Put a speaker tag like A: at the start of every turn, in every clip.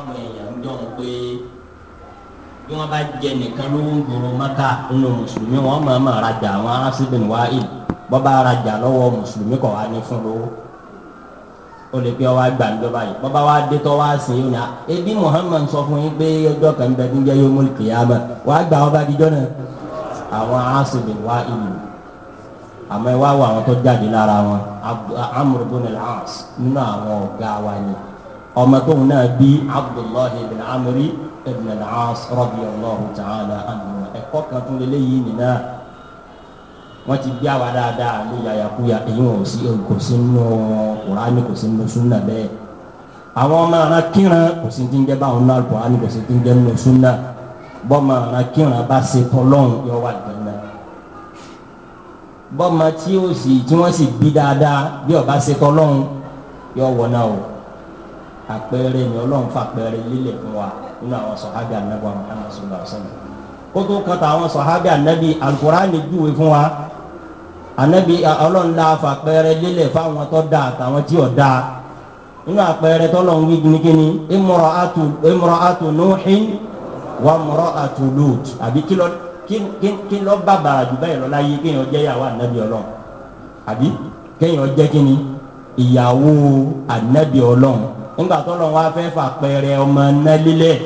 A: ọmọ èèyàn ń dọ̀n pé bí wọ́n bá jẹ nìkan lówó ń gbòòrò mọ́ká nínú mùsùlùmí wọn máa máa rajà àwọn arásíbìn wáyé bọ́ bá rajà lọ́wọ́ mùsùlùmí kọ̀ wá ní fún lówó ó lè pe ọwọ́ àgbà ńjọba yìí bọ́ba wa dé tọ́ wá sí yìí nà ebi muhammed sọ fún yín pé ẹjọ́ kan bẹ níjẹ́ yóò mú kìyàmẹ́ wà á gbà wọn bá dijọ́ náà àwọn asèlè wá àmọ́ ẹ wá wọ àwọn tó jáde lára wọn amúrúbó ni làás nínú àwọn ọ̀gá wa ni ọmọ tóun náà bí abdullahi ibn amri ibn al-as radiyallahu ta'ala anhu ẹ̀kọ́ kan tún lélẹ́yìí nìyà wọ́n ti bí àwa dáadáa ló yàyàkúyà èyí wọn ò sí kò sí nínú kùránì kò sí nínú súnà bẹ́ẹ̀ àwọn ọmọ ara kíran kò sí ti ń jẹ́ báwọn náà kùránì kò sí ti ń jẹ́ nínú súnà bọ́mọ ara kíran bá ṣe tọ́lọ́run yọ wà jẹ́nà bọ́mọ tí ó sì tí wọ́n sì bí dáadáa bí ọba ṣe tọ́lọ́run yọ wọ̀ náà o àpẹẹrẹ ni ọlọ́run fà àpẹẹrẹ lílẹ̀ fún wa nínú àwọn sọ̀hábì ànábì Muhammad sallallahu alaihi wasallam ó tó kọ́ta àwọn sọ̀hábì ànábì Al-Qur'ani júwe fún wa ànábì ọlọ́run la fà àpẹẹrẹ lílẹ̀ fáwọn tó dáa àtàwọn tí ò dáa nínú àpẹẹrẹ tọ́lọ́run wí gbinigbini imra'atu imra'atu Nuhin wa imra'atu Lut àbí kí lọ kí lọ bàbàrà jù báyìí lọ láyé kéèyàn jẹ́ ìyàwó ànábì ọlọ́run àbí kéèyàn jẹ́ kíni ìyàwó ànábì ọlọ́run nígbà tó lọ wá fẹ́ fàpẹrẹ ọmọ ná lílẹ̀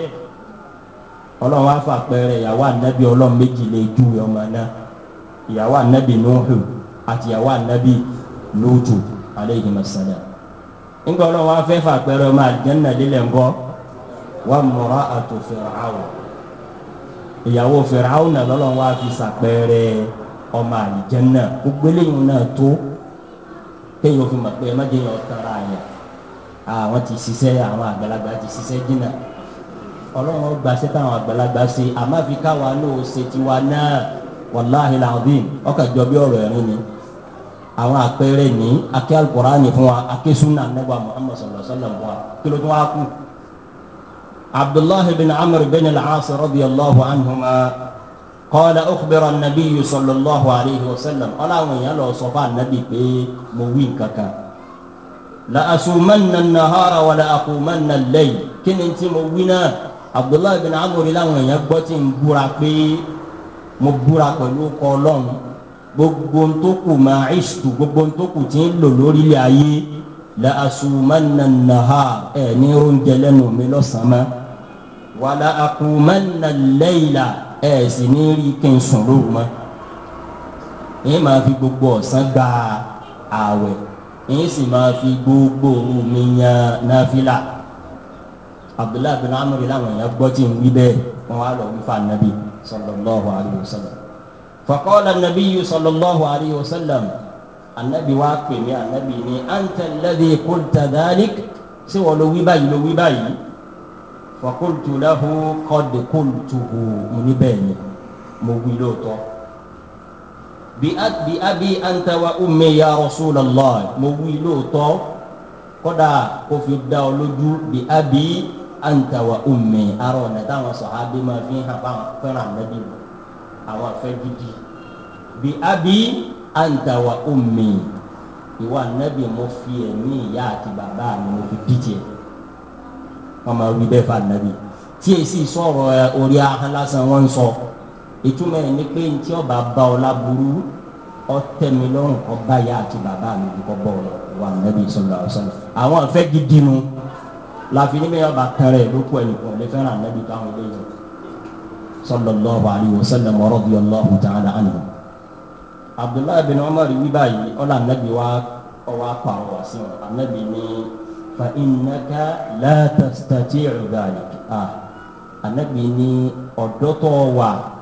A: ọlọ́run wá fàpẹrẹ ìyàwó ànábì ọlọ́run méjì lè ju ọmọ ná ìyàwó ànábì nuhu àti ìyàwó ànábì lóòtù aleyhi masala nígbà ọlọ́run wá fẹ́ fàpẹrẹ ọmọ àjẹ́nà lílẹ̀ ńkọ́ wà mọ̀ra àtò fẹ̀ràwọ̀ ìyàwó fẹ̀ràwọ̀ náà lọ́lọ́run wá fi àwọn ah, ti ṣiṣẹ́ àwọn àgbàlagbà ti ṣiṣẹ́ jìnnà ọlọ́run gbaṣẹ́ táwọn àgbàlagbà ṣe àmọ́ fi káwa náà ṣe tiwa náà wàláhi làbíin ọkà jọ bí ọ̀rọ̀ ẹ̀rín ni àwọn àpẹẹrẹ ní akẹ́ alukurani fún wa akẹ́ sunna anagba muhammad sallallahu alayhi wa sallam fún wa kílò tó wá kú. abdullahi bin amr bin al-aas radiyallahu anhuma qala ukhbira an-nabiyyu sallallahu alayhi wa sallam ọlọ́run yẹn lọ sọ fún anabi pé mo wí nǹkan kan làásùmánà nàhárà wà làákùmánà lẹ́yìn kí ni tí mo wí náà abdullahi bin amúri làwọn èèyàn gbọ́ tí ń búra pé mo búra pẹ̀lú ọkọ ọlọ́run gbogbo ntókù máa ìṣù gbogbo ntókù tí ń lò lórí ilé ayé làásùmánà nàhárà ẹ̀ ní oúnjẹ lẹ́nu mi lọ́sàn-án wà làákùmánà lẹ́yìn sì ní rí kí sùn lóru mọ́ ẹ̀ máa fi gbogbo ọ̀sán gba ààwẹ̀ yìí sì máa fi gbogbo òun mi yan náfìlà abdullahi bin amr làwọn èèyàn gbọ́ tí ń wí bẹ́ẹ̀ wọn wá lọ wí fún anabi sallallahu alayhi wa sallam faqala anabiyu sallallahu alayhi wa sallam anabi wa pè anabi ní anta alladhi qulta dhalik ṣé wọ́n ló wí báyìí ló wí báyìí faqultu lahu qad qultuhu mo ní bẹ́ẹ̀ ni mo wí lóòótọ́ bi abi abi anta wa ummi ya rasulallah mo wí lóòótọ́ kódà kó fi dá ọ lójú bi abi anta wa ummi ara ọ̀nà táwọn sọ̀hábí máa fi hàn bá wọn fẹ́ràn ànábì lọ àwọn afẹ́ gidi bi abi anta wa ummi ìwà ànábì mo fi ẹ̀mí ìyá àti bàbá mi mo fi bí tiẹ̀ wọ́n máa wí bẹ́ẹ̀ fún ànábì tí èsì sọ̀rọ̀ orí ahọ́n lásán wọ́n ń sọ. So ìtumọ̀ ẹ̀ ni pé ntí ọba bá ọ láburú ọtẹmi lọrùn kọ báyà àti bàbá mi kọ bọ wà nẹbi sọlá ọsàn àwọn afẹ gidi nu láfi ní bẹyà ọba kan rẹ lóko ẹnìkan lè fẹràn nẹbi káwọn ilé yẹn sọlá lọhùn àríwọ sẹlẹ mọrọ bíi ọlọhùn tàn án àná abdullahi bin umar yìí báyìí ọlọ anabi wa ọwọ akọ àwọn wá sí wọn anabi fa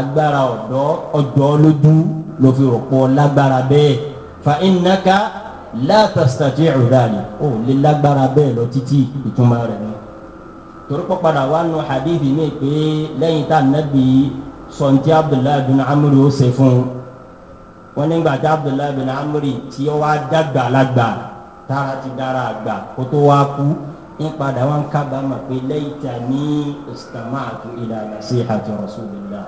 A: agbára ọ̀dọ́ ọjọ́ lójú ló fi rọ̀pọ̀ lágbára bẹ́ẹ̀ fa innaka la tastati'u dhalik ó lè lágbára bẹ́ẹ̀ lọ títí ìtumọ̀ rẹ̀ ni. torí pọ́ padà wá nu hadith mi pé lẹ́yìn tá nàbí sọ̀ntì abdullahi bin amúri ó ṣe fún un wọ́n nígbà tí abdullahi bin amúri tí ó wá dàgbà lágbà tára ti dára àgbà kó tó wá kú ń padà wá kábàámà pé lẹ́yìn tá ní istama'tu ila nasihati rasulillah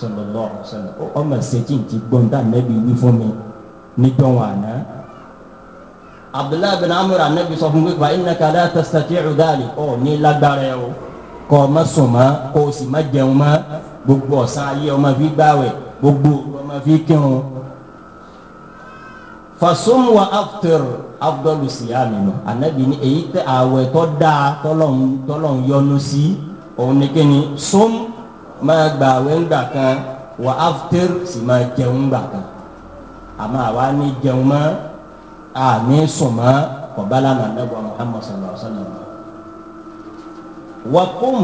A: sọlọlọ sọlọ ọmọ ṣèjì ti gbọ́n tá nẹ́bí wí fún mi níjọ́ wọn àná. abdullahi bin amúra nẹ́bí sọ fún pípa iná kàdá tẹsítẹ́tì ìrúdàlì ọ̀ ní lágbára ẹ̀ o kọ́ ọ ma sùn ma kó o sì ma jẹun ma gbogbo ọ̀sán ayé ọmọ fi gbáwẹ̀ gbogbo ọmọ fi kírun. fasun wa after abdul siyami nù anabi ni èyí tẹ àwẹ̀ tọ́ da tọ́lọ̀ ń yọnu sí òun ni kí ni sum máa gbà àwẹ̀ ńgbà kan wà áfítẹ́rù sì máa jẹun ńgbà kan àmọ́ àwa ní jẹun mọ́ àmì sùn mọ́ kọ̀bálà nàdàgbà Muhammad sallallahu alayhi wa sallam. wà kùm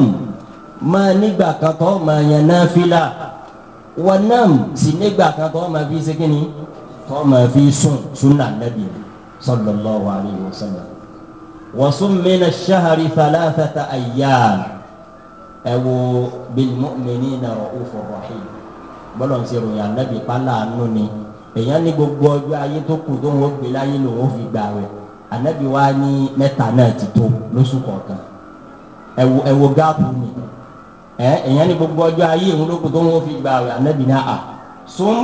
A: máa nígbà kan tó máa yan náfìlà wà nàm sì nígbà kan tó máa fi ségin tó máa fi sùn sunna nàbì sallallahu alayhi wa sallam. wà sùn mí na ṣahari thalathata ayyam ẹ wo bil mu'minina ra'ufur rahim bọ́lọ̀ ń ṣe ròyìn ànábì pálá àánú ni èèyàn ní gbogbo ọjọ́ ayé tó kù tó ń wọ́n gbé láyé lòun ó fi gbà rẹ̀ ànábì wa ní mẹ́ta náà ti tó lóṣù kọ̀ọ̀kan ẹ wo gáàpù ni ẹ èèyàn ní gbogbo ọjọ́ ayé òun ló kù tó ń wọ́n fi gbà rẹ̀ ànábì náà à sún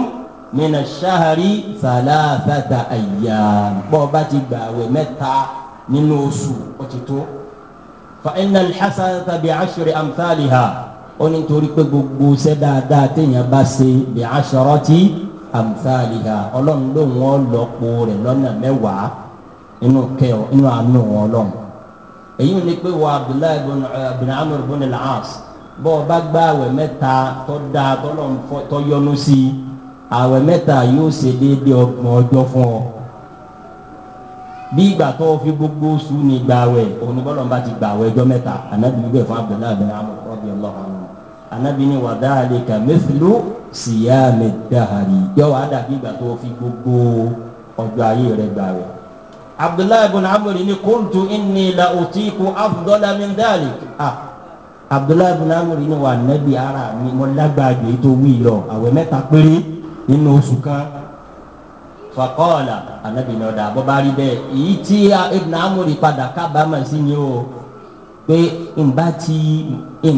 A: mina sahari salasata ayyam bọ́ọ̀ bá ti gbà rẹ̀ mẹ́ta nínú oṣù ó ti tó fa inna alhasanata bi ashri amthaliha ó ní torí pé gbogbo ṣẹ́ dáadáa téèyàn bá ṣe bi asharati amthaliha ọlọ́run ló wọ́n lọ́pọ̀ rẹ̀ lọ́nà mẹ́wàá inú kẹ́ ọ inú àánú wọn ọlọ́run èyí ni pé wà abdullahi bin amr bin al-as bọ́ ọ bá gba àwẹ̀ mẹ́ta tó dáa tọ́lọ́ tó yọnu sí àwẹ̀ mẹ́ta yóò ṣe déédéé ọgbọ̀n ọjọ́ fún ọ bí ìgbà tó fi gbogbo oṣù ní gbàwẹ̀ onígbọlọ bá ti gbàwẹ̀ ọjọ́ mẹ́ta anabi gbẹ fún abdullahi abdullahi amadu rabi allah anabi ni wàdáàlì kàmẹsìlú síyáàmì dàhàrí yọwọ àdàbí ìgbà tó fi gbogbo ọjọ́ ayé rẹ̀ gbàwẹ̀ abdullahi ibn amr ni kuntu inni la utiku afdala min dhalik ah abdullahi ibn amr ni wà nabi ara mi mo lágbàdo ètò wíìlọ àwẹ̀ mẹ́ta péré nínú oṣù kan fakọọla anabi ní ọdà bọba rí bẹ́ẹ̀ èyí tí ibùdó amúri padà kábàámà sí ni o pé nba ti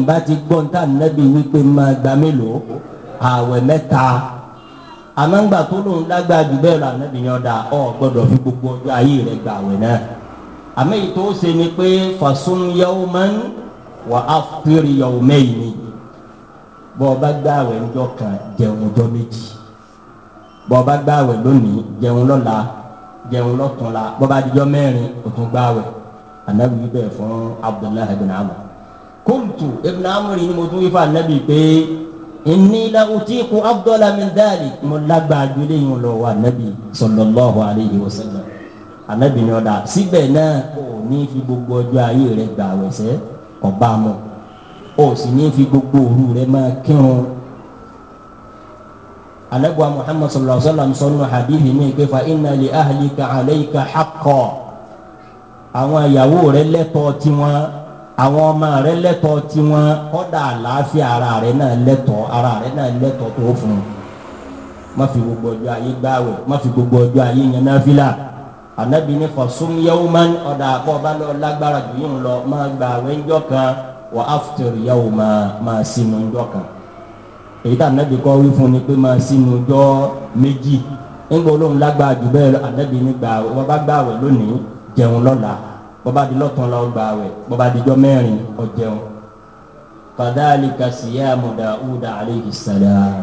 A: nba ti gbọ́ntà anabi wípé máa gba mélòó àwẹ̀ mẹ́ta amangba tó lóun lágbára jù bẹ́ẹ̀ lọ anabi ní ọ gbọ́dọ̀ fi gbogbo ọjọ́ ayé rẹ̀ gba àwẹ̀ náà àmì tó ṣe ni pé fasun yawman wa aftir yawmayni bọ́ọ̀ bá gbá àwẹ̀ ńjọ́ kan jẹun ọjọ́ méjì bọba gbààwẹ̀ lónìí jẹun lọ́la jẹun lọ́túnla bọba adijọ́ mẹ́rin o tún gbààwẹ̀ anabi wí bẹ́ẹ̀ fún abdullahi ibn amr kuntu ibn amr ni mo tún wí fún anabi pé inni la utiku afdala min dhalik mo lágbàá ju eléyìí lọ wà anabi sallallahu alayhi wa sallam anabi ni ọ̀dà síbẹ̀ náà kò ní fi gbogbo ọjọ́ ayé rẹ̀ gbààwẹ̀ sẹ́ ọba mọ̀ o sì ní fi gbogbo òru rẹ̀ máa kírun anabuwa muhammad sallallahu alaihi wa sallam sọnù hadithi mi pé fa inna li ahlika alayka haqqan àwọn ìyàwó rẹ lẹ́tọ̀ọ́ tiwọn àwọn ọmọ rẹ lẹ́tọ̀ọ́ tiwọn kódà àlàáfíà ara rẹ náà lẹ́tọ̀ọ́ ara rẹ náà lẹ́tọ̀ọ́ tó fún un má fi gbogbo ọjọ́ ayé gbààwẹ̀ má fi gbogbo ọjọ́ ayé yan náfìlà anabi ní fasum yawman ọ̀dà àkọ́ọ̀bá lọ lágbára jù yín lọ má gbààwẹ̀ ńjọ́ kan wa aftir yawma má sínú ńjọ́ kan èyí tá anabi kọ́ wí fún ni pé máa sínú ọjọ́ méjì ńgbọ́ olóhùn lágbára jù bẹ́ẹ̀ lọ anabi ní gbà wọ́n bá gbà wẹ̀ lónìí jẹun lọ́la bọ́ba di lọ́tàn lọ gbà wẹ̀ bọ́ba di jọ́ mẹ́rin ọ̀jẹun. kadhalika siyamu Dauda aleyhi salam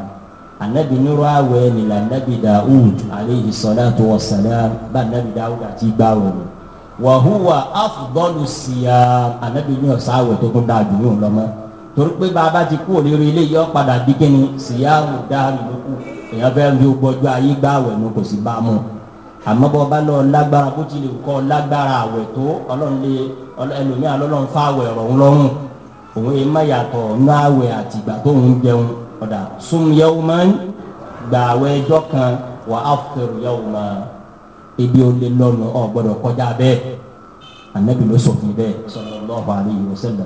A: anabi nírọ̀ àwẹ̀ nílà anabi Daud aleyhi salatu wa salam bá anabi Daud àti gbà wẹ̀ wọ̀ wàhùwà afdalu siyam anabi ní ọ̀sán àwẹ̀ tó tún dáa jù ní òun lọ́mọ́ torí pé bàbá ti kú òrèrè ilé yọ padà di kíni síyáàrù dáàrú lókù èèyàn fẹ́ rí ogbọ́jọ́ ayé gbá àwẹ̀ nu kò sí bá a mọ̀ àmọ́ bọ́ bá lọ lágbára bó ti lè kọ́ lágbára àwẹ̀ tó ọlọ́run lè ẹlòmíràn lọ́lọ́run fá àwẹ̀ ọ̀rọ̀hún lọ́rùn òun èèmà yàtọ̀ ńlá àwẹ̀ àtìgbà tó ń jẹun ọ̀dà súnmùyẹ́wò máa ń gbà àwẹ̀ ẹjọ́ kan wà á fẹ̀rù yẹ̀wò máa ebi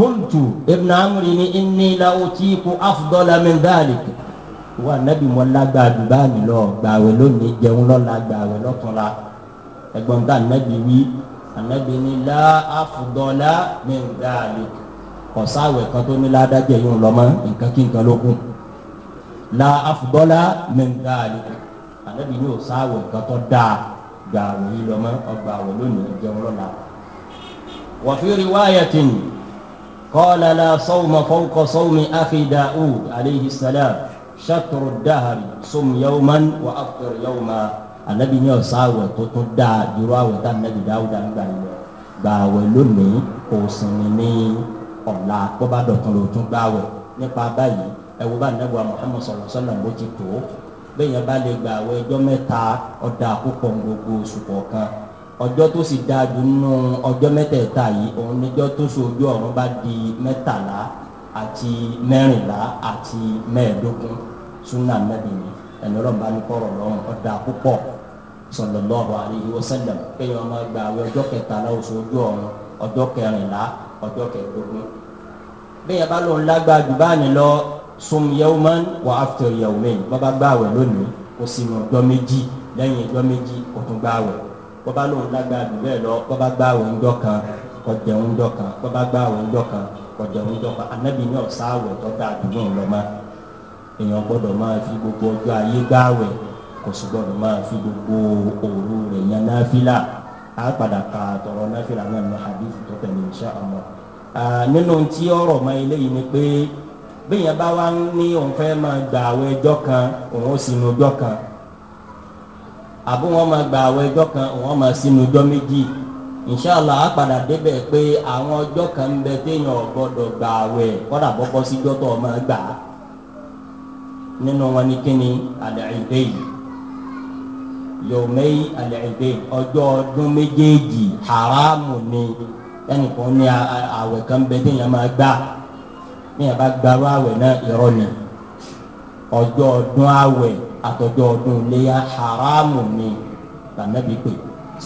A: kuntu ibn amri ni inni la utiku afdala min dhalik wa nabi mo lagba duba mi lọ gbàwé lónìí jẹun lọ́la gbàwé lọ́túnla ẹ̀gbọ́n ta nabi wí anabi ni la afdala min dhalik kọsáwẹ kan tó ní ládàjẹ yìí ń lọ mọ nǹkan kí nǹkan ló kù la afdala min dhalik anabi ni o sáwẹ kan tó dáa gbàwé yìí lọ mọ ọgbàwé lónìí jẹun lọ́la wa قال لا صوم فوق صوم أخي داود عليه السلام شطر الدهر صم يوما وأفطر يوما النبي ní sáwẹ̀ tó tún dáa dúró àwẹ̀ tá nàbì dáwùdà nígbà yẹn gbà àwẹ̀ lónìí kò sinmi ní ọ̀la tó bá dọ̀tun ló tún gbà àwẹ̀ nípa báyìí ẹ̀wọ́ bá nàbì wa muhammed sọ̀rọ̀ sọ́nà bó ti tó bẹ́ẹ̀ yẹn bá lè gbà àwẹ̀ ọjọ́ mẹ́ta ọ̀dà púpọ̀ gbogbo oṣù kọ̀ọ̀kan ọjọ́ tó sì dáa jù nínú ọjọ́ mẹ́tẹ̀ẹ̀ta yìí òun níjọ́ tó ṣojú ọ̀run bá di mẹ́tàlá àti mẹ́rìnlá àti mẹ́ẹ̀ẹ́dógún súnà nàbì ni ẹni ọlọ́ba ní kọ́rọ̀ lọ́rùn ọ̀dà púpọ̀ sallallahu alaihi wasallam kéèyàn máa gba àwọn ọjọ́ kẹtàlá oṣù ojú ọ̀run ọjọ́ kẹrìnlá ọjọ́ kẹẹ̀dógún bẹ́ẹ̀ bá lóun lágbára jù báyìí lọ sum yawman wa after yawmain bàbá gbààwẹ̀ lónìí kó sinú ọjọ́ méjì lẹ́yìn ọjọ́ méjì kó tún gbààwẹ̀ bọ́bá lòun lágbára jù bẹ́ẹ̀ lọ bọ́bá gbá òun jọ kan kọjá òun jọ kan bọ́bá gbá òun jọ kan kọjá òun jọ kan anabi ní ọ̀sá àwẹ̀ tó dáa dùgbò ńlọ ma èèyàn gbọ́dọ̀ máa fi gbogbo ọjọ́ ayé gbá àwẹ̀ kò sì gbọ́dọ̀ máa fi gbogbo òru rẹ̀ yan náfìlà á padà ka tọ̀rọ̀ náfìlà náà ní hadith tó tẹ̀lé insha Allah nínú tí ọ̀rọ̀ mọ eléyìí ni pé bẹ́ẹ̀ yẹn bá wá ní òun fẹ́ máa gbà àwọn ẹjọ́ kan òun ó sinú ọjọ́ kan àbí wọ́n máa gba àwọn ẹjọ́ kan wọ́n máa sínú ọjọ́ méjì inṣàlá á padà débẹ̀ pé àwọn ọjọ́ kan ń bẹ téèyàn gbọ́dọ̀ gba àwẹ̀ kọ́dà bọ́kọ́ síjọ́ tó máa gbà á nínú wọn ni kíni àlẹ́ẹ̀dẹ́ yìí yòmẹ́yì àlẹ́ẹ̀dẹ́ ọjọ́ ọdún méjèèjì haramu ni ẹnìkan ní àwẹ̀ kan ń bẹ téèyàn máa gbà téèyàn bá gbarú àwẹ̀ náà irọ́ ni ọjọ́ ọdún àwẹ̀ àtọjọ́ ọdún iléyà haramu ni tànàbí pé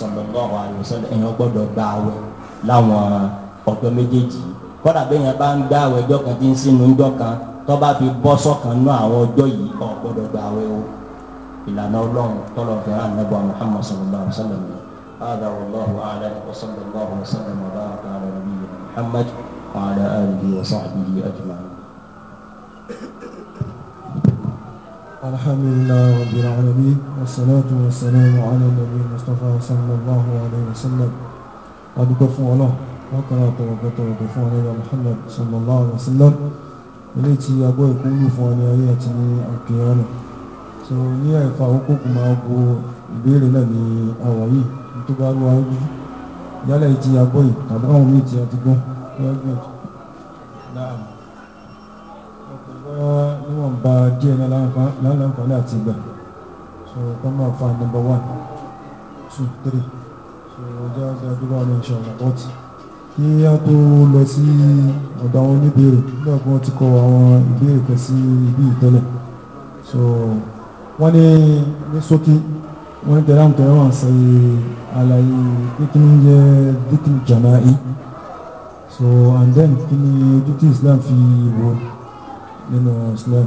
A: sallallahu alaihi wasallam ẹ̀yin gbọ́dọ̀ gba àwẹ̀ láwọn ọ̀dọ́ méjèèjì kọ́dà bẹ́ẹ̀ yẹn bá ń gba àwẹ̀ ọjọ́ kan tí ń sínú ọjọ́ kan tọ́ba fi bọ́ sọ́kan náà àwọn ọjọ́ yìí ọ̀ gbọ́dọ̀ gba àwẹ̀ o ìlànà ọlọ́run tọ́lọ̀ fẹ́ràn nàbọ̀ Muhammad sallallahu alaihi wasallam هذا والله أعلم وصلى الله وسلم وبارك Muhammad, نبينا محمد وعلى آله وصحبه أجمعين
B: الحمد لله رب العالمين والصلاة والسلام على النبي المصطفى صلى الله عليه وسلم أدقف الله وقرأ طرقة وقف عليه محمد صلى الله عليه وسلم ilé tí agbó ìkúlù fún ọni ayé àti ní òkè ọ̀nà so ní ẹ̀ka àkókò kò máa bo ìbéèrè náà ní àwọ̀ yìí tó bá rú ayé yálẹ̀ ìtì agbó yìí tàbí àwọn míì tí a ti gbọ́n lọ́gbẹ̀ẹ́ náà ọlọ́run bá díẹ̀ náà lálàǹfààní àti ìgbà so kọ́ fa number one two three so ọjọ́ àti àdúgbò àmì ìṣọ̀ report kí a tó lọ sí ọ̀dọ̀ àwọn oníbèrè nígbà tí wọ́n ti kọ àwọn ìbéèrè kan sí ibi ìtẹ́lẹ̀ so wọ́n ní ní ṣókí wọ́n ní tẹ̀lé àwọn tẹ̀lé wọn ṣe àlàyé kíkíní jẹ́ díkì jàmáì so and then kí ni ojú tí Islam fi wò من الإسلام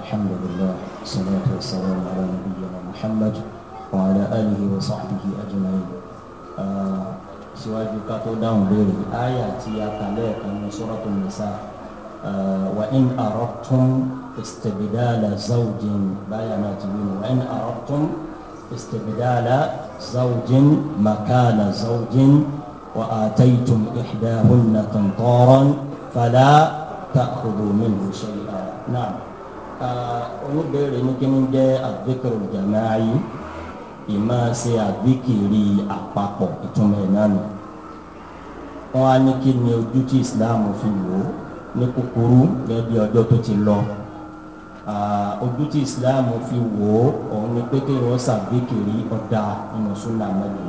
B: الحمد لله والصلاة والسلام على نبينا محمد وعلى آله وصحبه أجمعين
A: آه، سواء داون بيري آيات يا أتليك من سورة النساء آه، وإن أردتم استبدال زوج بيانات وإن أردتم استبدال زوج مكان زوج وآتيتم إحداهن قنطارا فلا تأخذوا منه شيئا نعم oníbèrè ní kí ni jẹ́ àdìkìrì jàmáàyí ìmọ̀ ṣe àdìkìrì àpapọ̀ ìtumọ̀ ẹ̀ náà nù. wọ́n á ní kí ni ojú tí islam fi wò ó ní kúkúrú gẹ́gẹ́ bí ọjọ́ tó ti lọ. Ah, ojú tí islam fi wò ó òun ni pé kí wọ́n ṣàdìkìrì ọ̀dà inú súnà mẹ́lẹ̀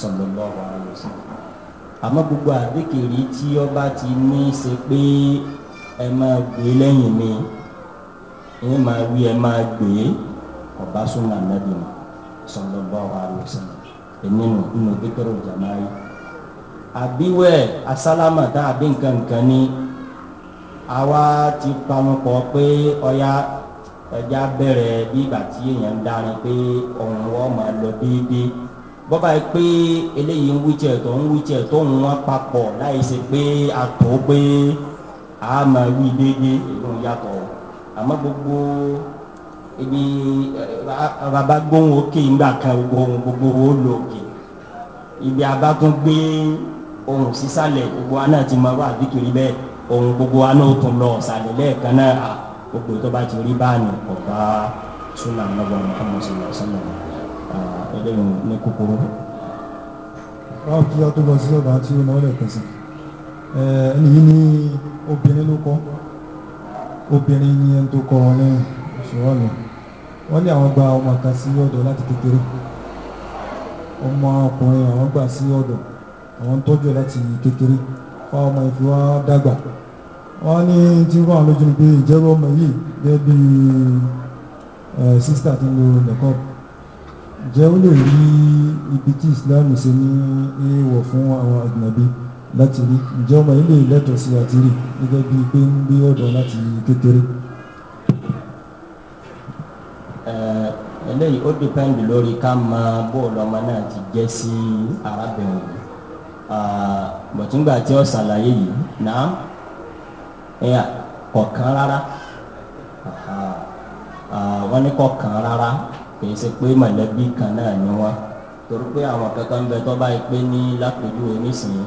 A: sallallahu
B: alaihi wasallam
A: àmọ́ gbogbo àdékèrè tí ọba ti ní í ṣe pé ẹ máa gbé lẹ́yìn mi ẹ máa wí ẹ máa gbé ọba súnmọ́ ànábì mi sọlọ́gbà wàhálà sọlọ́ ẹni nù nínú pétérò jàmáyé àbíwẹ̀ asálámà tá àbí nǹkan nǹkan ni àwa ti panupọ̀ pé ọya ẹja bẹ̀rẹ̀ bí ìgbà tí èèyàn ń darin pé ọ̀run wọn máa lọ déédéé bọ́ba yìí pé eléyìí ń wíjẹ tó ń wíjẹ tó ń wọ́n papọ̀ láì ṣe pé àtò pé a máa wí déédéé èyí yàtọ̀ àmọ́ gbogbo ibi bàbá gbóhùn òkè ńgbà kan gbóhùn gbogbo wo lò òkè ibi abá tún gbé ohùn sísàlẹ̀ gbogbo wa náà ti máa wà díkiri bẹ́ẹ̀ ohùn gbogbo wa náà tún lọ ọ̀sàlẹ̀ lẹ́ẹ̀kan náà gbogbo tó bá ti rí báàmì ọ̀gá súnà
B: nàbọ̀ mọ́tàmọ́sí lọ́sàn-án ẹlẹ́wọ̀n ní kúkúrú. báwo kí ọtún lọ sí ọba tí ó náwó lẹ́ẹ̀kan sí ẹni yìí ní obìnrin ló kọ obìnrin ni ẹni tó kọ ọ ní ìṣòwòlù wọ́n ní àwọn gba ọmọ kan sí ọ̀dọ̀ láti kékeré ọmọ ọkùnrin àwọn gbà sí ọ̀dọ̀ àwọn tọ́jú láti kékeré fáwọn ọmọ ìfiwá dàgbà wọ́n ní tí wọ́n lójú ni pé ìjẹ́rú ọmọ yìí gẹ́gẹ́ bí sísítà tó ń lo nìkan jẹ́ ó lè rí ibi tí ìsìláàmù ṣe ní èèwọ̀ fún àwọn àgbàbí láti rí ǹjẹ́ ọmọ ilé ìlẹ́tọ̀ sí àti rí gẹ́gẹ́ bí pé ń gbé ọ̀dọ̀ láti kékeré.
A: eléyìí ó dìpẹ́ndì lórí ká mọ bóòlù ọmọ náà ti jẹ́ sí arábìnrin bọ̀túngbà tí ó ṣàlàyé yìí náà kọ̀ọ̀kan rárá wọ́n ní kọ̀ọ̀kan rárá kìí ṣe pé mọ̀lẹ́bí kan náà ni wọ́n torí pé àwọn kankan ń bẹ tó bá pé ní lápèjúwe nísìnyí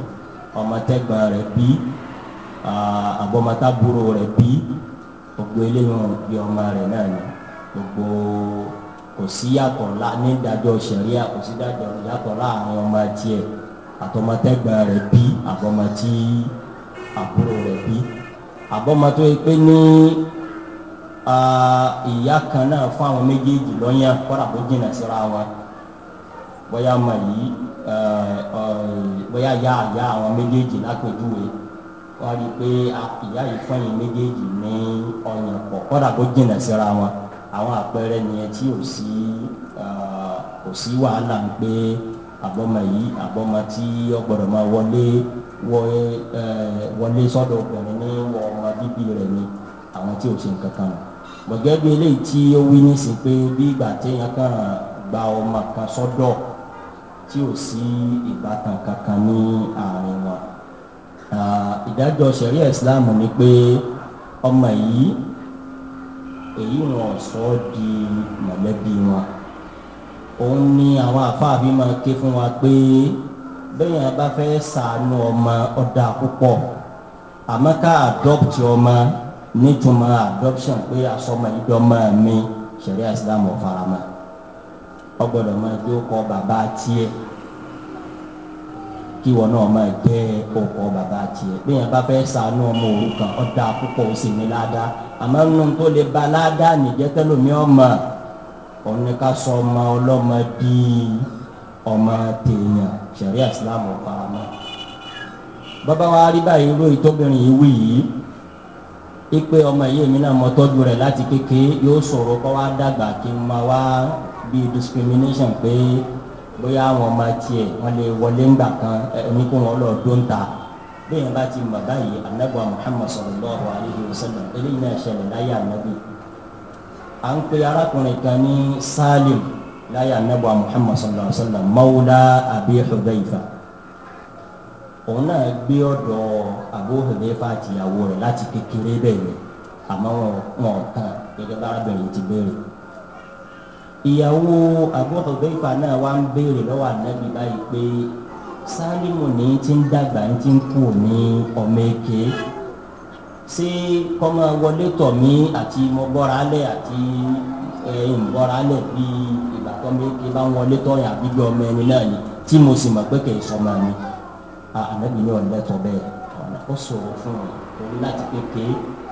A: ọmọ tẹ́gbọ́n rẹ̀ bí àbọ̀mọ́tàbúrò rẹ̀ bí gbogbo eléyìí bí ọmọ rẹ̀ náà ni gbogbo kò sí yàtọ̀ ní ìdájọ́ sẹ̀ríà kò sí dájọ́ yàtọ̀ láàrin ọmọ tiẹ̀ àtọmọtẹ́gbọ́n rẹ̀ bí àbọ̀mọ́tì àbúrò rẹ̀ bí àbọ̀mọ́tò yìí pé ní. ìyá kan náà fún àwọn méjèèjì lọ́yàn kọ́ra bó jìnnà síra wọn bóyá ọmọ yìí bóyá ìyá àyá àwọn méjèèjì lápèjúwe wọ́n rí i pé ìyá yìí fún méjèèjì ní ọyàn pọ̀ kọ́ra jìnnà síra wọn àwọn àpẹẹrẹ nìyẹn tí ò sí kò sí wàhálà ń pé yìí gbẹ̀gẹ́ bí eléyìí tí ó wí nísìnyí pé bí ìgbà téèyàn kàn gba ọmọ kan sọ́dọ̀ tí ò sí ìbátan kankan ní àárín wọn ìdájọ́ sẹ̀ríà ìsìláàmù ni pé ọmọ yìí èyí wọn sọ ọ́ di mọ̀lẹ́bí wọn òun ni àwọn àfáàfin máa ké fún wa pé bẹ́ẹ̀ bá fẹ́ sàánú ọmọ ọ̀dà púpọ̀ àmọ́ ká adopt ọmọ nítumọ̀ adoption pé asọmọ ìdọ́mọ mi sẹ̀ríà ìsìlámù ọ̀farama ọgbọ́dọ̀ máa jẹ́ ọkọ bàbá tiẹ̀ kí wọn náà máa jẹ́ ọkọ bàbá tiẹ̀ bí yẹn bá fẹ́ sànú ọmọ òrukàn ọ̀dà púpọ̀ ó sì ní ládàá àmọ́ nínú tó lè ba ládàá nìjẹ́ tẹ́lómi ọmọ òun ni ká sọ ọmọ ọlọ́mọ di ọmọ tèèyàn sẹ̀ríà ìsìlámù ọ̀farama bàbá wa rí báyìí lóyún tóbìnrin yìí wí yìí ipe ọmọ yìí mi náà mọ tọ́jú rẹ̀ láti kéke yóò sọ̀rọ̀ kọ́ wá dàgbà kí n máa wá bí discrimination pé bóyá àwọn ọmọ tiẹ̀ wọ́n lè wọlé ńgbà kan ẹni kó wọn lọ tó ń ta bẹ́ẹ̀ yẹn bá ti mọ̀ báyìí anabu muhammad sallallahu alayhi wa sallam eléyìí náà ṣẹlẹ̀ láyé anabi à ń pe arákùnrin kan ní salim láyé anabu muhammad sallallahu alayhi wa sallam mawla abi hudayfa òun náà gbé ọ̀dọ̀ Abu Hudayfa àtìyàwó rẹ̀ láti kékeré bẹ́ẹ̀ ni àmọ́ wọn tán gẹ́gẹ́ bá arábìnrin ti béèrè. ìyàwó Abu Hudayfa náà wá ń béèrè lọ́wọ́ ànábì báyìí pé Sálímù ní ti ń dàgbà ní ti ń kú ní ọmọ èké ṣé kọ́mọ wọlé tọ̀ àti mo bọ́ra lẹ̀ àti ẹ̀yìn bọ́ra lẹ̀ bíi ìgbà tó mi ké bá wọlé tọ̀ yà bí gbọ́ ọmọ ẹni náà ni tí mo sì mọ̀ pé kì í sọmọ mi anabi ah, ní ọ̀nà tó bẹ́ẹ̀ ọ̀nà ó ṣòro fún un torí láti kéke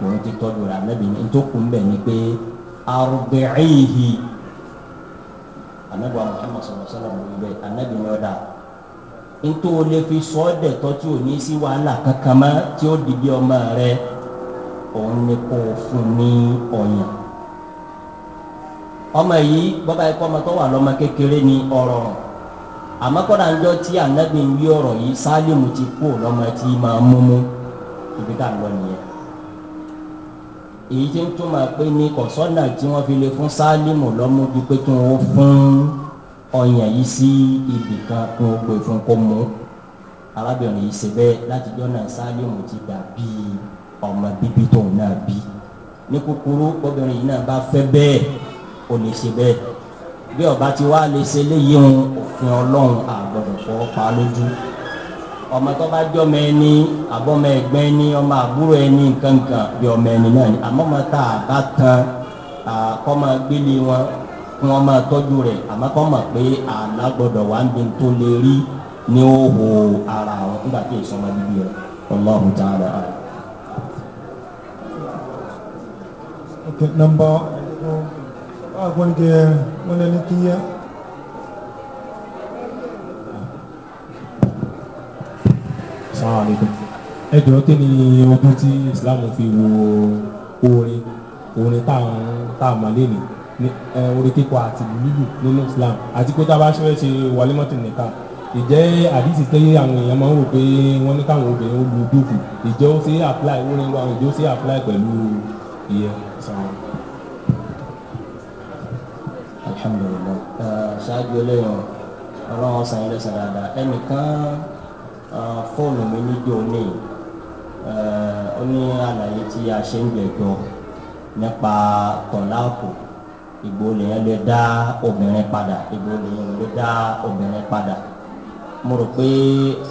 A: òun ti tọ́jú rẹ̀ anabi ní tó kún bẹ́ẹ̀ ni pé arùbẹ̀ẹ́hì anabi wa muhammad sallallahu alaihi wa sallam wíwẹ̀ anabi ní ọ̀dà ntó o lè fi sọ ọ́ dẹ̀tọ́ tí o ní sí wàhálà kankan mọ́ tí ó di bí ọmọ rẹ òun ni kò fún ní ọ̀yàn ọmọ yìí bọ́ba ẹ̀kọ́ ọmọ tó wà lọ́mọ kékeré ni ọ̀rọ̀ àmọ́ kọ́dà ń jọ tí ànábì ń wí ọ̀rọ̀ yìí sálímù ti kú lọ́mọ tí máa mú mú ibi tá à ń lọ nìyẹn èyí tí ń túmọ̀ pé ní kọ̀sọ́nà tí wọ́n fi lè fún sálímù lọ́mú bí pé kí wọ́n fún ọyàn yìí sí ibì kan kí wọ́n pè fún kó mú arábìnrin yìí ṣe bẹ́ẹ̀ láti jọ́nà sálímù ti dà bíi ọmọ bíbí tóun náà bí ní kúkúrú obìnrin yìí náà bá fẹ́ bẹ́ẹ̀ ó lè ṣe bẹ́ẹ̀ bí ọba ti wá lè ṣe léyìí ń òfin ọlọ́run àgbọ̀dọ̀ fọ́ pa lójú ọmọ tó bá jọ ọmọ ẹni àbọ̀mọ ẹgbẹ́ ẹni ọmọ àbúrò ẹni nkankan bí ọmọ ẹni náà ni àmọ́ ọmọ tá a bá tan àkọ́mọ gbélé wọn kí wọ́n máa tọ́jú rẹ̀ àmọ́ kọ́ mọ̀ pé àlá gbọ́dọ̀ wà ń bí tó lè rí ní òhò ara àwọn nígbà tí èso ọmọ bíbí rẹ̀ ọlọ́run tá a rà.
B: number agwanje ah, mwananikia assalamu alaikum ẹ jọ̀ọ́ kí ni ojú tí islam
A: fi wo orin orin tá a mọ̀ lẹ́nu orin kíkọ àti lílù nínú islam àti pé tá a bá ṣe ṣe wàlímọ́tì nìkan ìjẹ́ àdìsí pé àwọn èèyàn máa ń wò pé wọ́n ní káwọn obìnrin ó lu dúkù ìjẹ́ ó ṣe é apply orin wa ìjẹ́ ó ṣe é apply pẹ̀lú ìyẹn sọ̀rọ̀ alhamdulillah eh, ṣáájú eléyàn ọlọ́run san ilé san dáadáa ẹnìkan eh, fóònù mi níjó ní eh, ó ní àlàyé tí a ṣe ń gbẹ̀jọ nípa tọ̀láàpù ìgbò lèyàn lè dá obìnrin padà ìgbò lèyàn lè dá obìnrin padà mo rò pé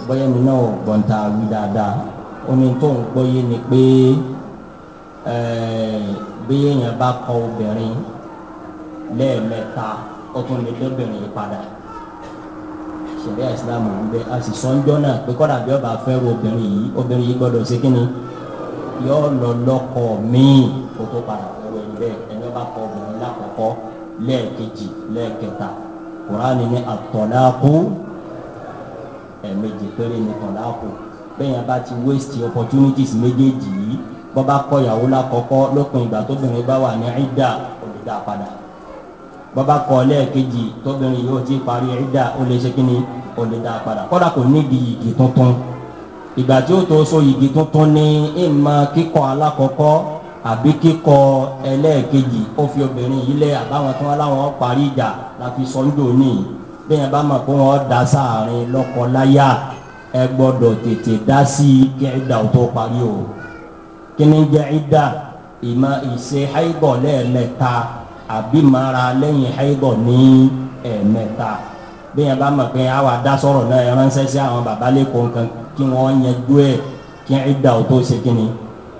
A: bóyá mi náà gbọ́n wí dáadáa ó ní tóun gbọ́ yé ni pé bí èèyàn bá kọ obìnrin lẹ́ẹ̀mẹ́ta ó tún lè dóbìnrin padà sẹ̀ríà ìsìlámù ń bẹ a sì sọ́njọ́ náà pé kọ́dà bí ọba fẹ́rù obìnrin yìí obìnrin yìí gbọ́dọ̀ ṣe kínni yọ lọ lọ́kọ̀ míì kó tó padà fẹ́rù ẹni bẹ́ẹ̀ ẹni ọba kọ obìnrin lákọ̀ọ́kọ́ lẹ́ẹ̀kejì lẹ́ẹ̀kẹta kùránì ní àtọ̀láàkú ẹ̀ẹ̀mejì péré ní tọ̀láàkú bẹ́ẹ̀ yẹn bá ti waste opportunities méjèèjì yìí bọ́ bá kọ ìyàwó lákọ̀ọ́kọ́ lópin ìgbà tóbìnrin bá wà ní ìdá òdìdá padà bàbá kọ lẹ́ẹ̀kejì tóbìnrin yóò ti parí ẹ̀dá ó lè ṣe kí ni ó lè dá a padà kọ́dà kò níbi yìgì tuntun ìgbà tí ó tó so yìgì tuntun ni ìmọ̀ kíkọ́ alákọ̀ọ́kọ́ àbí kíkọ ẹlẹ́ẹ̀kejì ó fi obìnrin yìí lẹ́ àbáwọn tí wọ́n láwọn parí ìjà la fi sọ ń dò ní bí yẹn bá mọ̀ pé wọ́n da sáàrin lọ́kọ-láyà ẹ gbọ́dọ̀ tètè dá sí kí ẹ̀dá ò tó parí o kí ni jẹ́ ẹ̀dá ìmọ̀ ìṣe àbí mara lẹ́yìn ẹ̀gbọ́ ní ẹ̀ẹ̀mẹ́ta bí yẹn bá mọ̀ pé àwa dá sọ̀rọ̀ náà ránṣẹ́ sí àwọn bàbá lẹ́kọ̀ọ́ kan kí wọ́n yẹn dú ẹ̀ kí ẹ̀ dà tó ṣe kí ni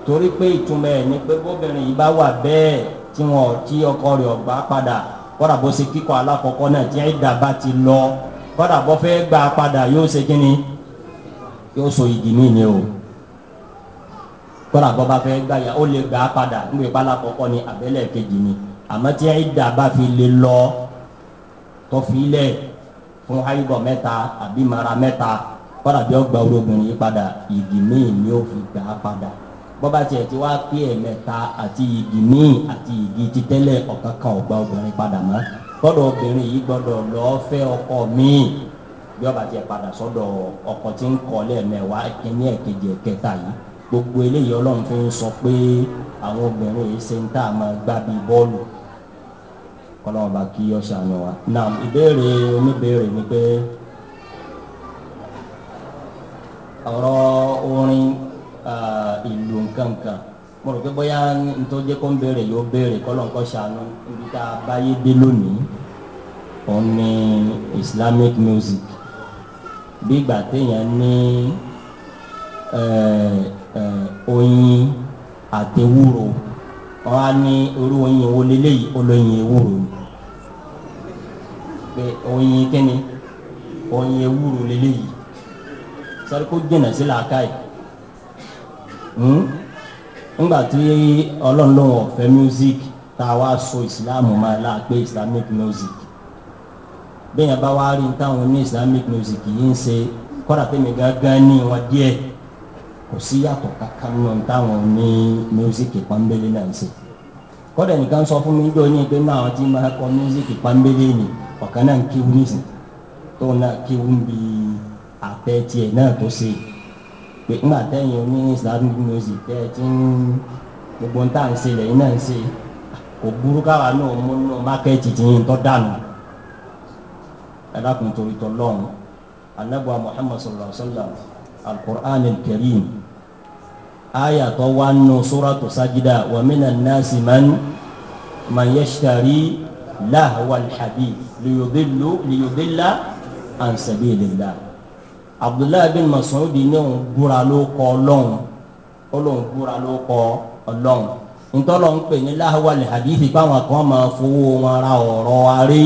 A: torí pé ìtumọ̀ ẹ̀ ni pé bóbìnrin yìí bá wà bẹ́ẹ̀ tí wọn tí ọkọ rẹ̀ ọ̀gbá padà kọ́dà bó ṣe kíkọ́ alákọ̀ọ́kọ́ náà tí ẹ̀ dà bá ti lọ kọ́dà bó fẹ́ gbà padà yóò ṣe kí ni yóò so ìdí mí ni o kọ́dà bó bá fẹ́ gbà yà ó lè gbà padà ń gbé pálákọ̀ọ́kọ́ ni àbẹ́lẹ̀ kejì ni àmọ́ tí ba bá fi lè lọ tọ́filẹ̀ fún ayíbọ̀ mẹ́ta àbí mara mẹ́ta kọ́dà bí ọgbà ológun yìí padà ìdì míì ni ó fi gbà á padà bọ́ba tiẹ̀ ti wá pé ẹ̀mẹ́ta àti ìdì míì àti ìdì títẹ́lẹ̀ ọ̀kan kan ọ̀gbà obìnrin padà mọ́ gbọ́dọ̀ obìnrin yìí gbọ́dọ̀ lọ́ọ́ fẹ́ ọkọ míì bí ọba tiẹ̀ padà sọ́dọ̀ ọkọ tí ń kọ́ lẹ́ẹ̀mẹ́wàá ẹ̀kíní ẹ̀kejì ẹ̀kẹta yìí gbogbo eléyìí ọlọ́run fi ń sọ pé àwọn obìnrin yìí ṣe ń tà máa gbábí bọ́ọ̀lù kọ́lọ́wọ́n bá kí ọ ṣàánú wa. na ìbéèrè oníbéèrè ni pé ọ̀rọ̀ orin ìlú nkankan mo rò pé bóyá ntọ́jẹ́ kó ń béèrè yóò béèrè kọ́lọ́wọ́n kọ́ ṣàánú níbi tá a báyé dé lónìí òun ni islamic music bí ìgbà téèyàn ní oyin àtẹwúro wọn á ní irú oyin wo olóyin ewúro ni pé oyin kíni oyin ewúro lélẹ́yìí sọ́rí kó jìnnà sí làákàyè hmm? nígbà tí ọlọ́run lòun ọ̀fẹ́ music tá a wá so ìsìláàmù máa la pé islamic music bẹ́ẹ̀ bá wá rí táwọn ní islamic music yìí ń ṣe kọ́ra tẹ́mi gángan ní wọn díẹ̀ kò sí yàtọ̀ kankan nù táwọn ní music pọ́nbélé náà ń ṣe kọ́dà nìkan sọ fún mi jọ ní pé náà ti máa kọ mísíkì pàmbélé ni ọ̀kan náà ń kíwu nísìn tó náà kíwu ń bi àtẹ tiẹ̀ náà tó ṣe pé ńgbà tẹ́yìn oní islamic music tẹ́ ẹ ti ń gbogbo ń tà ń ṣe lẹ́yìn náà ń ṣe kò burú káwa náà mú nínú mákẹ́ẹ̀tì tí yín tó dànù ẹ̀dá kùn torí tọ́ muhammad sallallahu alayhi wa sallam alukur'an karim aya tó wà nù suratu sajida wa minan nasi man man yashtari lahwal hadith liyudillu liyudilla an sabilillah abdullahi bin mas'ud ní òun búra ló kọ ọlọ́run ó lóun búra ló kọ ọlọ́run ntọ́lọ̀ ń pè ní lahwal hadith báwọn kan máa fowó wọn ra ọ̀rọ̀ arí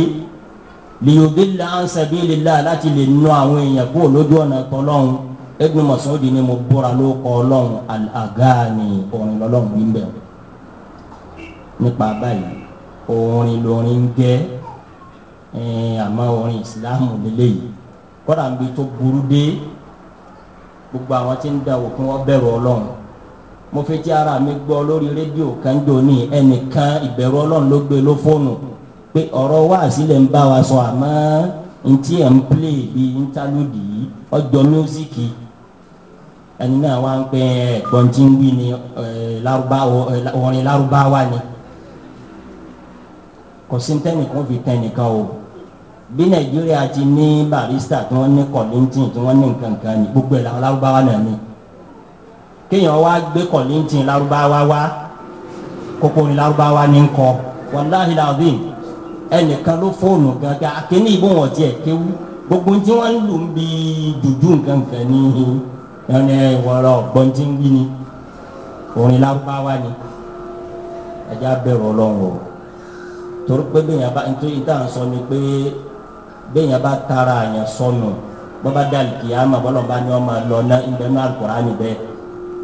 A: liyudilla an sabilillah láti lè nu àwọn èèyàn kúrò lójú ọ̀nà tọ́lọ́run. Ibn Mas'ud ni mo búra ló kọ ọlọ́run al-agani orin lọ́lọ́run wí bẹ́ẹ̀ nípa báyìí orin lórin jẹ́ àmọ́ orin ìsìláàmù lélẹ́yìí kọ́dà ń bi tó burú dé gbogbo àwọn tí ń da wò kí wọ́n bẹ̀rù ọlọ́run mo fi ti ara mi gbọ́ lórí rédíò kanjo ní ẹnìkan ìbẹ̀rù ọlọ́run ló gbé ló fóònù pé ọ̀rọ̀ wá sílẹ̀ ń bá wa sọ àmọ́ ntí ẹ̀ ń plé bíi ntálódì yìí ọjọ́ mísíkì ẹni náà wá ń pẹ́ bọ́ntínwí ni orin lárúbáwá ni kò sí tẹ́nìkan fi tẹ́nìkan o bí nàìjíríà ti ní barista tí wọ́n ní kọ̀lìntìn tí wọ́n ní nkankan ní gbogbo ẹ̀ làwọn lárúbáwá náà ni kéèyàn wá gbé kọ̀lìntìn lárúbáwá wá kókó ni lárúbáwá ní ń kọ wàláhi làbín ẹnìkan ló fóònù gangan akéwì ìbò wọn tiẹ̀ kéwú gbogbo tí wọ́n lù ń bi dùdú nkankan ní wọn ni ìwọ̀nra ọ̀gbọ́n tí ń wí ni orin lárúbáwá ni ẹja bẹ̀rù ọlọ́run o torí pé bẹ́ẹ̀yàn bá nítorí tá à ń sọ ni pé bẹ́ẹ̀yàn bá tara àyàn sọnù bọ́bá dàlí kì í á mà bọ́lọ̀ bá ní ọmọ lọ ná ń bẹ alukurani bẹ́ẹ̀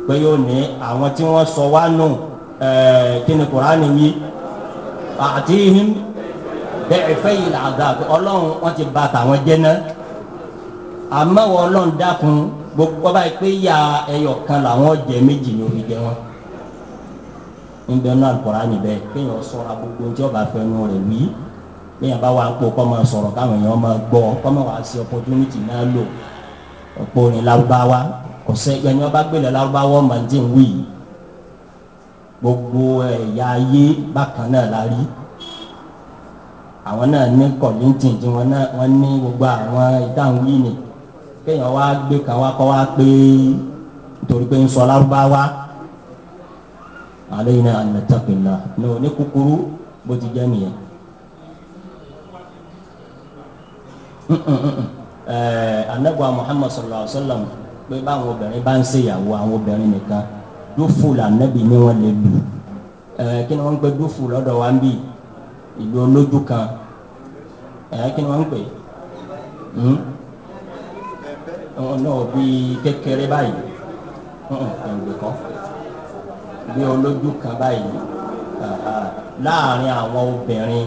A: pé yóò ní àwọn tí wọ́n sọ wá nù eh, kí ni kurani wí àti ihim bẹ́ẹ̀ fẹ́ yìí làdá ọlọ́run wọ́n ti ba tàwọn jẹ́ náà àmọ́ wọ́n ọlọ́run dákun gbogbo báyìí pé ya ẹyọ kan làwọn jẹ méjì ní orí jẹ wọn níbi ọ̀nà àkùrá níbẹ̀ kéèyàn sọ̀rọ̀ gbogbo tí ọba fẹnu rẹ̀ wí kéèyàn bá wà ń pò kọ́ máa sọ̀rọ̀ káwọn èèyàn máa gbọ́ kọ́ máa wá sí opportunity náà lò ọ̀pọ̀ ní lárúbáwá kò sẹ́ ẹni ọba gbélé lárúbáwá máa ń dín wí gbogbo ẹ̀yà ayé bákan náà la rí àwọn náà ní kọ̀lìntìn tí wọ́n ní gbogbo àwọn ìdáhùn yìí nìkan kéèyàn wá gbé kan wá kọ́ wá pé torí pé ń sọ lárúbáwá alẹ́ yìí náà ànàtàkìlá ní òní kúkúrú bó ti jẹ́ nìyẹn. anagba muhammad sallallahu alaihi wa sallam pé báwọn obìnrin bá ń ṣèyàwó àwọn obìnrin nìkan dúfù lànàbì ni wọ́n lè lù kí ni wọ́n ń pè dúfù lọ́dọ̀ wa ń bì ìlú olójú kan kí ni wọ́n ń pè. Hmm? ọ̀nà bí kékeré báyìí ẹ̀ǹgbè kan bí olójú kan báyìí láàrin àwọn obìnrin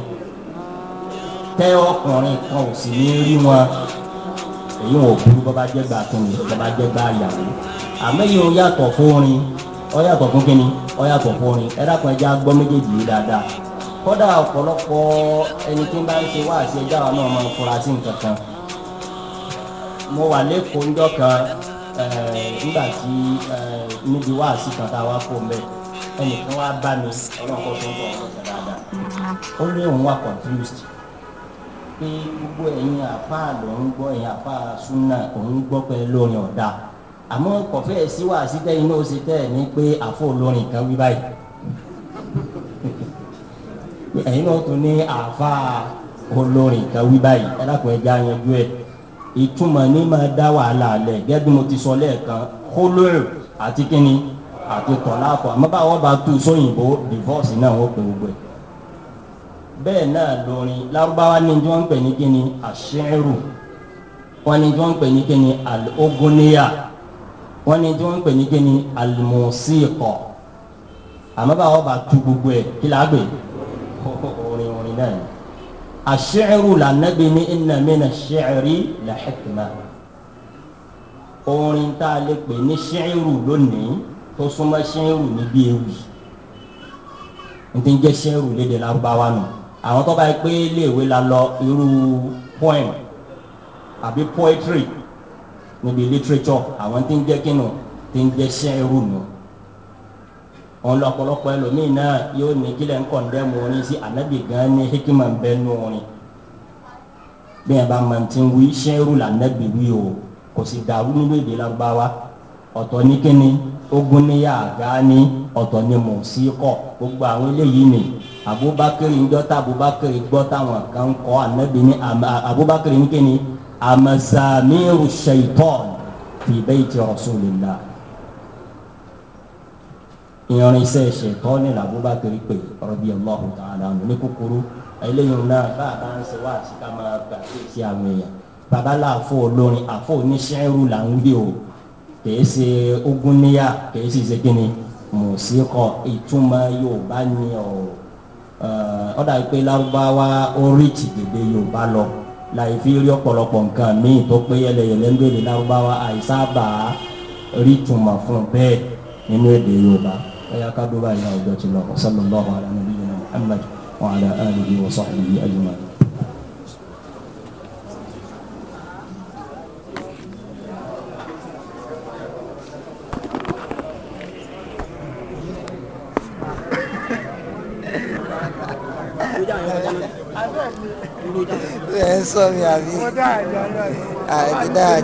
A: tẹ ọkùnrin kan ò sì ní rí wọn èyí wọn ò burú bọ́ bá jẹ́ gbà tó ní bọ́ bá jẹ́ gbà yàwó àmọ́ yìí ó yàtọ̀ fóorin ó yàtọ̀ fún kínní ó yàtọ̀ fóorin ẹ dákun ẹja gbọ́ méjèèjì yìí dáadáa kódà ọ̀pọ̀lọpọ̀ ẹni tí ń bá ń ṣe wáàsí ẹja wa náà máa nǹkan kan mo wà lẹ́kọ̀ọ́ ńjọ́ kan eh, nígbà tí eh, níbi wá sí kan tá a wá kó mbẹ ẹnìkan wá bá mi ọlọ́kọ̀ tó ń bọ̀ ọ̀sẹ̀ dáadáa ó ní òun wà confused pé gbogbo ẹ̀yin àfa ló ń gbọ́ ẹ̀yin àfa súnà òun gbọ́ pé lórin ọ̀dà àmọ́ kọ̀fẹ́ sí wá sí tẹ́yìn náà ṣe tẹ́ ẹ̀ ní pé àfọ olórin kan wí báyìí ẹ̀yin náà tún ní àfa olórin kan wí báyìí ẹ dákun ẹ já ẹ̀ ìtumọ̀ ní máa dá wàhálà lẹ̀ gẹ́gẹ́ bí mo ti sọ lẹ́ẹ̀kan kólóòrò àti kínní àti tọ̀láàkọ̀ àmọ́ báwọ̀ bá tú sóyìnbó divorce náà ó pè gbogbo ẹ̀ bẹ́ẹ̀ náà lórin lárúbáwá ní tí wọ́n ń pè ní kínní àṣẹ́rù wọ́n ní wọ́n ń pè ní kínní alogoniya wọ́n ní wọ́n ń pè ní kínní alimosiikọ̀ àmọ́ báwọ̀ bá tú gbogbo ẹ̀ kí lágbè orin orin náà ni àṣẹ́rù lànàbí ní ìnàmínà ṣẹ́ẹ̀rí làhẹ́kìmá orin tá a lè pè ní ṣẹ́ẹ̀rù lónìí tó súnmọ́ ṣẹ́ẹ̀rù níbi ewì n ti ń jẹ́ ṣẹ́ẹ̀rù lédè lárúbáwá nù àwọn tó bá yẹ pé léèwé la lọ irú poem àbí poetry níbi literature àwọn ti ń jẹ́ ti ń jẹ́ nù. No ọlọpọlọpọ ẹlòmíín náà yóò ní kílẹ̀ ń kọ̀ndẹ́ mu orin sí anabi gan ní hikima ń bẹ nù orin bí ẹ bá máa ti ń wí sẹ́rù lànàbì wí o kò sì dàrú nínú èdè lágbáwá ọ̀tọ̀ ní kíni ogun níyà àgá ní ọ̀tọ̀ ni mò ń sí kọ̀ gbogbo àwọn eléyìí ni abubakar ńdọ́tà abubakar gbọ́ táwọn kan kọ́ anabi ní abubakar ní kíni amasamiru shaitan fi bẹ́ẹ̀ ti rasulillah irinṣẹ́ ṣètọ́ ní làbúbákẹ́ pé rọ́bì ọlọ́hùn tààlà ní kúkúrú eléyìí náà bá a bá ń ṣe wá àti ká máa gbà pé sí àwọn èèyàn bàbá láàfọ olórin àfọ oníṣẹ́rù là ń gbé o kìí ṣe ogún níyà kìí ṣe ṣe kíni mùsíkọ ìtumọ̀ yorùbá ni ọ̀ ọ̀dà pé lárúbáwá orí ti dèdè yorùbá lọ láì fi rí ọ̀pọ̀lọpọ̀ nǹkan míì tó pé yẹlẹyẹlẹ lárúbáwá àìsábà rí ìtumọ̀ fún bẹ́ẹ̀ nínú èdè yorùbá ẹ̀yà ká dúró báyìí ọjọ́ ti lọ sallallahu ala nabiyyina muhammad wa ala alihi wa sahbihi ajma'in.
B: ẹ sọ mi àbí